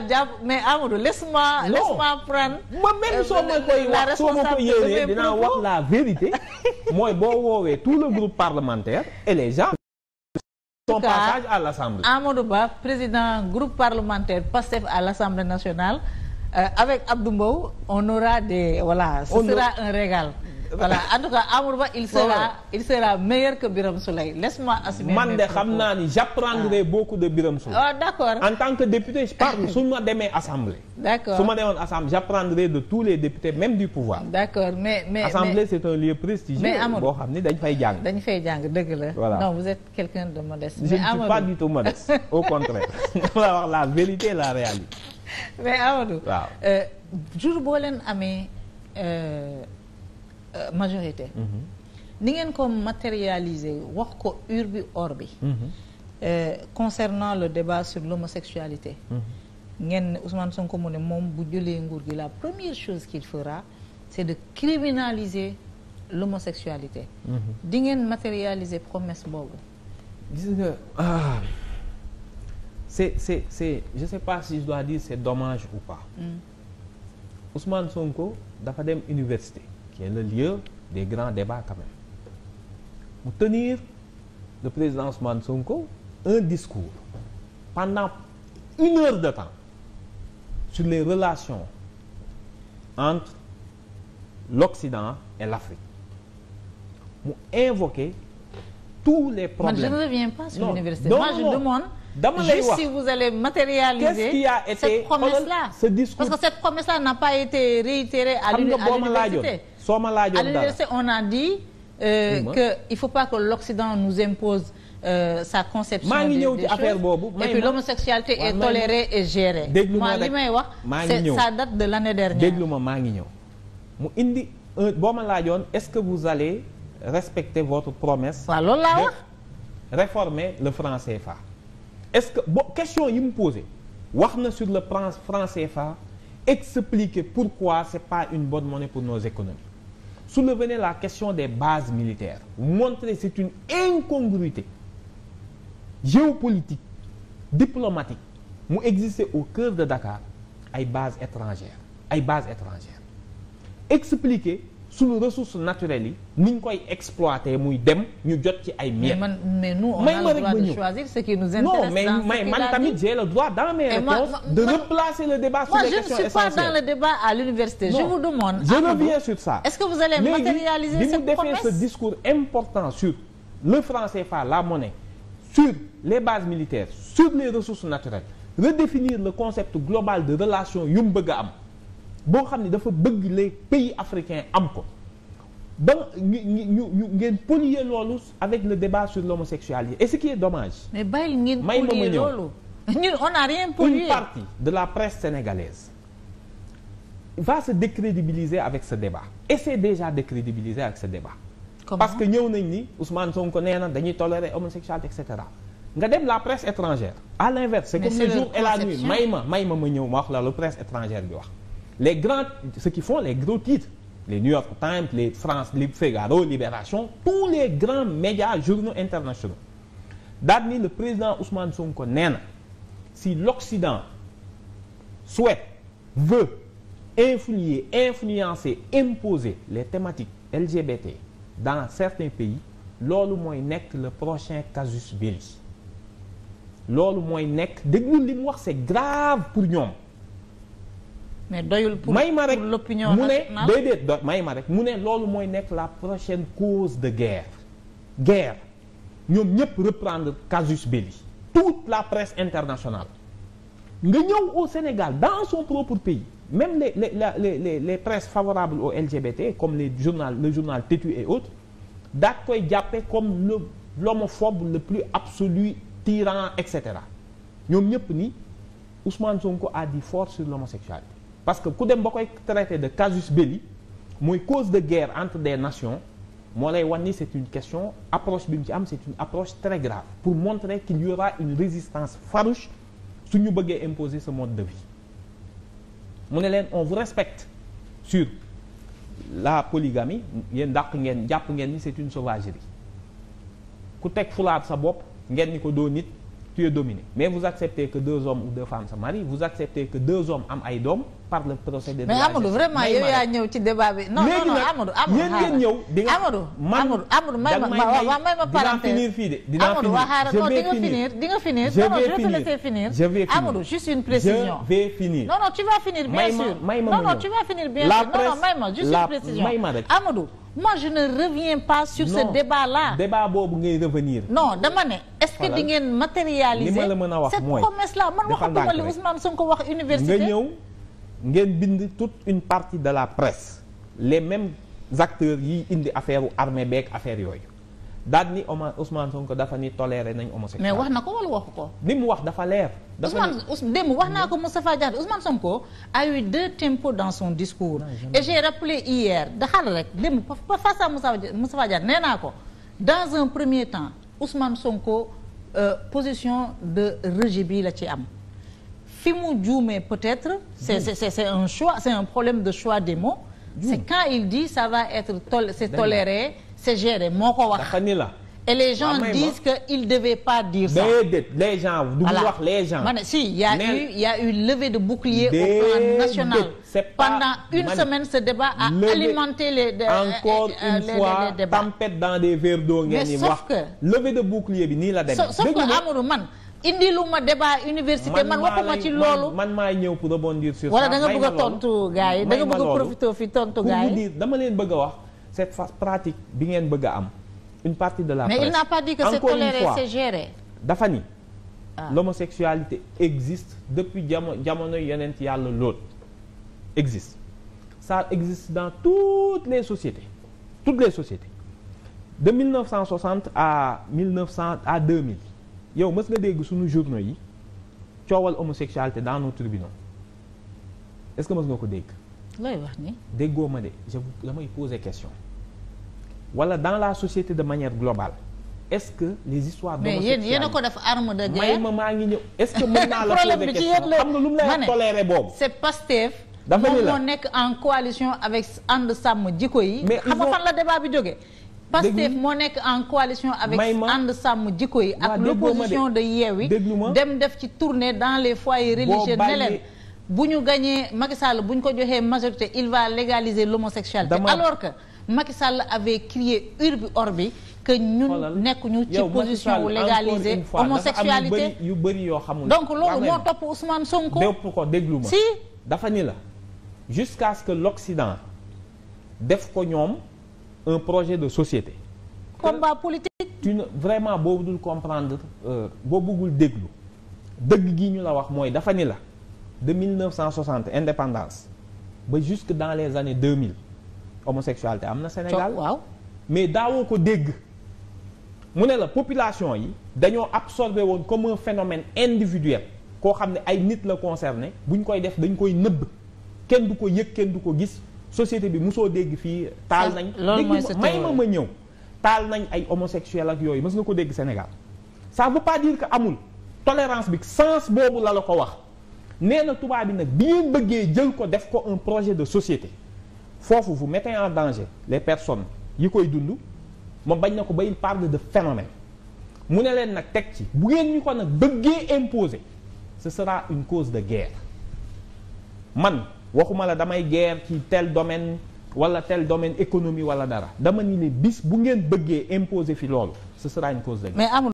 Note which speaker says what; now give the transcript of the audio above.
Speaker 1: jàpp mais Amadou laisse-moi laisse-moi prendre. ma même euh, koy wax soo ma ko yéenee dinaa
Speaker 2: la vérité mooy boo woowee tout le groupe parlementaire et les gens. son passage à l'Assemblée.
Speaker 1: Amadou Ba président groupe parlementaire PASTEF à l'Assemblée nationale euh, avec Abdou on aura des voilà ce sera un régal. voilà en tout cas Amadou Ba il sera il sera meilleur que Birame Souleye laisse-moi assumer. man de xam
Speaker 2: naa ni j'apprendrai ah. beaucoup de Birame Souleye. oh d'accord en tant que député je parle su ma demee assemblée.
Speaker 1: d'accord su ma demoon
Speaker 2: assemblée j'apprendrai de tous les députés même du pouvoir.
Speaker 1: d'accord mais mais assemblée
Speaker 2: c'est un lieu prestigieux. boo xam ni dañ fay jàng.
Speaker 1: dëgg la. voilà vous êtes quelqu'un de modeste. mais Amadou du tout
Speaker 2: modeste au contraire mais Amadou. waaw
Speaker 1: euh, jour majorité mm-hmm. ni ngeen ko matérialiser wax ko urbi orbi mm-hmm. euh, concernant le débat sur l'homosexualité mm-hmm. ngeen Ousmane Sonko mu ne moom bu jëlee nguur gi la première chose qu'il fera c'est de criminaliser l'homosexualité di ngeen matérialiser promesse boobu
Speaker 2: gis nga ah c'est c'est c'est je sais pas si je dois dire c'est dommage ou pas mm. Ousmane Sonko dafa dem université ki est le lieu des grands débats quand même tenir le président Ousmane Sonko un discours pendant une heure de temps sur les relations entre l'Occident et l'Afrique mu invoquer tous les problèmes man je ne
Speaker 1: reviens pas si vous allez matérialiser qui a été cette promesse là ce discours parce que cette promesse là n'a pas été réitérée à l'université
Speaker 2: soo ma laajoon dara
Speaker 1: on a dit. Euh, que il faut pas que l'Occident nous impose. Euh, sa conception maa ngi ñëw di affaire boobu. et puis l'homosexualité est tolérée et gérée. déglu ma li may wax c'est ça date de l'année dernière. déglu
Speaker 2: ma maa ngi ñëw mu indi boo ma laajoon est-ce que vous allez respecter votre promesse. waaw loolu laa wax réformer le franc fa est-ce que bo question yi mu posé wax na sur le franc CFA expliquer pourquoi c'est pas une bonne monnaie pour nos économies. soulever la question des bases militaires montrer c'est une incongruité géopolitique diplomatique mu exister au cœur de Dakar ay base étrangères ay bases étrangères expliquer suñu ressources naturelles yi niñ koy exploiter muy dem ñu jot ci ay miettes. mais
Speaker 1: man mais nous on a le droit non mais mais man tamit
Speaker 2: j'ai le droit dans mes réponses de replacer je ne suis dans le débat à l'université
Speaker 1: je reviens sur
Speaker 2: ça. est-ce que vous allez matérialiser ce discours important sur le franc CFA la monnaie sur les bases militaires sur les ressources naturelles redéfinir le concept global de relation yu mu bëgg a am. boo xam ne dafa bëgg les pays africain am ko ba ñu ñu ñu ngeen polier loolu avec le débat sur l'homosexualité et ce qui est domage
Speaker 1: mais bàyyil ngeen polier loolu ñun on n'a rien polié. une partie
Speaker 2: de la presse sénégalaise va se décrédibiliser avec ce débat et c'est déjà décrédibilisé avec ce débat. Comment? parce que ñëw nañ ni Ousmane Sonko nee na dañuy tolérer homosexualité et cetera. nga dem la presse étrangère à l'inverse c'est comme le jour may ma may ma ma ñëw ma wax la lu presse étrangère bi wax. Les grands, ceux qui font les gros titres, les New York Times, les France, les Libération, tous les grands médias, journaux internationaux. daal ni le président Ousmane Sonko nee na si l'Occident souhaite, veut influer, influencer, imposer les thématiques LGBT dans certains pays loolu mooy nekk le prochain casus belli loolu mooy nekk déglul li mu wax c'est grave pour ñoom mais doyul pour may ma rek mu ne ma rek mu ne loolu mooy nekk la prochaine cause de guerre guerre ñoom ñëpp reprendre casus belli toute la presse internationale nga ñëw au Sénégal dans son propre pays même les les les les, les presses favorables au LGBT comme les journal le journal Tétu et autres daat koy jàppe comme le l'homophobe le plus absolu tyran et cetera ñoom ñëpp ni Ousmane Sonko a dit fort sur l'homosexualité parce que ku dem ba koy traité de casus belli mooy cause de guerre entre des nations moo lay wan ni c'est une question approche bi mu ci am c'est une approche très grave pour montrer qu'il y aura une résistance farouche su ñu bëggee imposer ce mode de vie mu ne leen on vous respecte sur la polygamie yéen dàq ngeen jàpp ngeen ni c'est une sauvagerie ku teg fulaat sa bopp ngeen ni ko doo nit tu es dominé mais vous acceptez que deux hommes ou deux femmes se marient vous acceptez que deux hommes am ay doom par le procédé. de mais Amadou vraiment yow yaa
Speaker 1: ñëw ci débat bi. non non Amadou Amadou yéen ngeen
Speaker 2: ñëw. di nga Amadou Amadou Amadou may ma waaw may ma parenthèse dinaa finir fii de. dinaa finir
Speaker 1: di nga finir non non je vais te laisser finir. non non tu vas finir bien sûr. non non tu vas finir bien sûr. non non may ma une précision Amadou. moi je ne reviens pas sur non, ce débat là
Speaker 2: débat boobu ngay revenir
Speaker 1: non dama ne est-ce que di ngeen matérialiser li ma la mën a wax mooy cette promesse là man waxatuma li Ousmane Sonko wax université nga ñëw
Speaker 2: ngeen bind toute une partie de la presse les mêmes acteurs yi indi affaire u armée beeg affaire yooyu daal ni Oma Ousmane Sonko dafa ni toléré nañ homosexuel. mais wax
Speaker 1: na ko wala waxu ko.
Speaker 2: li mu wax dafa leer. dafa
Speaker 1: Ousmane wax naa ko Moustapha Diakhaté Ousmane Sonko a eu deux tempos dans son discours. Non, et j'ai rappelé hier daxal rek démb face à Moustapha Diakhaté nee naa ko dans un premier temps Ousmane Sonko euh, position de régi bi la ci am. fi mu juumee peut-être c'est c'est c'est un choix c'est un problème de choix des mots. c'est quand il dit ça va être tol c'est toléré. c'est géré moo ko wax. dafa ni la. et les gens disent que ils
Speaker 2: devaient pas dire ça. déedéet les gens du wax les gens. ma ne si
Speaker 1: y a eu y a eu levée de bouclier au plan national. pendant une semaine ce débat a alimenté les. encore euh, euh, une fois
Speaker 2: tempête dans des verres d'eau ngeen di wax mais sauf que. levée de bouclier bi nii la demee. sauf que Amadou
Speaker 1: man. indi lu ma débat université man waxuma ci loolu
Speaker 2: man maa ñëw pour rebondir sur ça. wala da nga tontu
Speaker 1: gars yi da nga bëgg a profité
Speaker 2: fi tontu gars leen bëgg a wax. cette phase pratique bi ngeen bëgg am une partie de la mais presse. mais il n'a pas dit que c'est toléré, c'est géré. dafa ni ah. l'homosexualité existe depuis jamono jamono yonent yàlla lool existe ça existe dans toutes les sociétés toutes les sociétés de 1960 à 1900 à 2000 yow mës nga dégg suñu journaux yi coowal homosexualité dans nos tribunaux est que mës nga ko dégg. looy wax ni déggoo ma de je damay poser question. wala dans la société de manière globale est-ce que les histoires d'homosexualité yéen ko def
Speaker 1: arme de guerre may ma
Speaker 2: maa ngi ñëw est-ce que mën naa la poser question xam
Speaker 1: nekk en coalition avec ànd sàmm jikko yi xam nga fan la débat bi jógee moo nekk en coalition avec ànd sàmm jikko yi ak l'opposition de Yewwi dem def ci tournée dans les foyers religieux ne leen bu ñu gañee Macky Sall bu ñu ko joxee majorité il va légaliser l'homosexualité alors que Macky Sall avait crié urbi orbi que ñun nekkuñu ci position légaliser homosexualité
Speaker 2: yu bëri yoo xamul donc loolu moo
Speaker 1: topp Ousmane Sonko
Speaker 2: dépp ko déglu ma si dafa ni la jusqu'à ce que l'Occident def ko ñoom un projet de société combat politique tu ne vraiment boo dul comprendre euh, boo bëggul déglu dëgg gi ñu la wax mooy dafa ni la de 1960 indépendance ba jusque dans les années 2000 homosexualité am na Sénégal waaw mais daawoo ko dégg mu ne la population yi dañoo absorbé woon comme un phénomène individuel koo xam ne ay nit la concerné buñ koy def dañ koy nëbb kenn du ko yëg kenn du ko gis société bi musoo dégg fii taal nañ may ma ma ñëw taal nañ ay homosexuel ak yooyu mës nga ko dégg Sénégal ça veut pas dire que amul tolérance bi sens boobu la la ko wax nee na tubaab yi nag bi ngeen bëggee jël ko def ko un projet de société foofu fu mettez en danger les personnes yi koy dund moom bañ na ko ba il parle de phénomène mu ne leen nag teg ci bu ngeen ñu ko nag bëggee imposer ce sera une cause de guerre man waxuma la damay guerre ci tel domaine wala tel domaine économie wala dara dama ni ne bis bu ngeen bëggee imposer fi loolu ce sera une cause de
Speaker 1: guerre. Mais,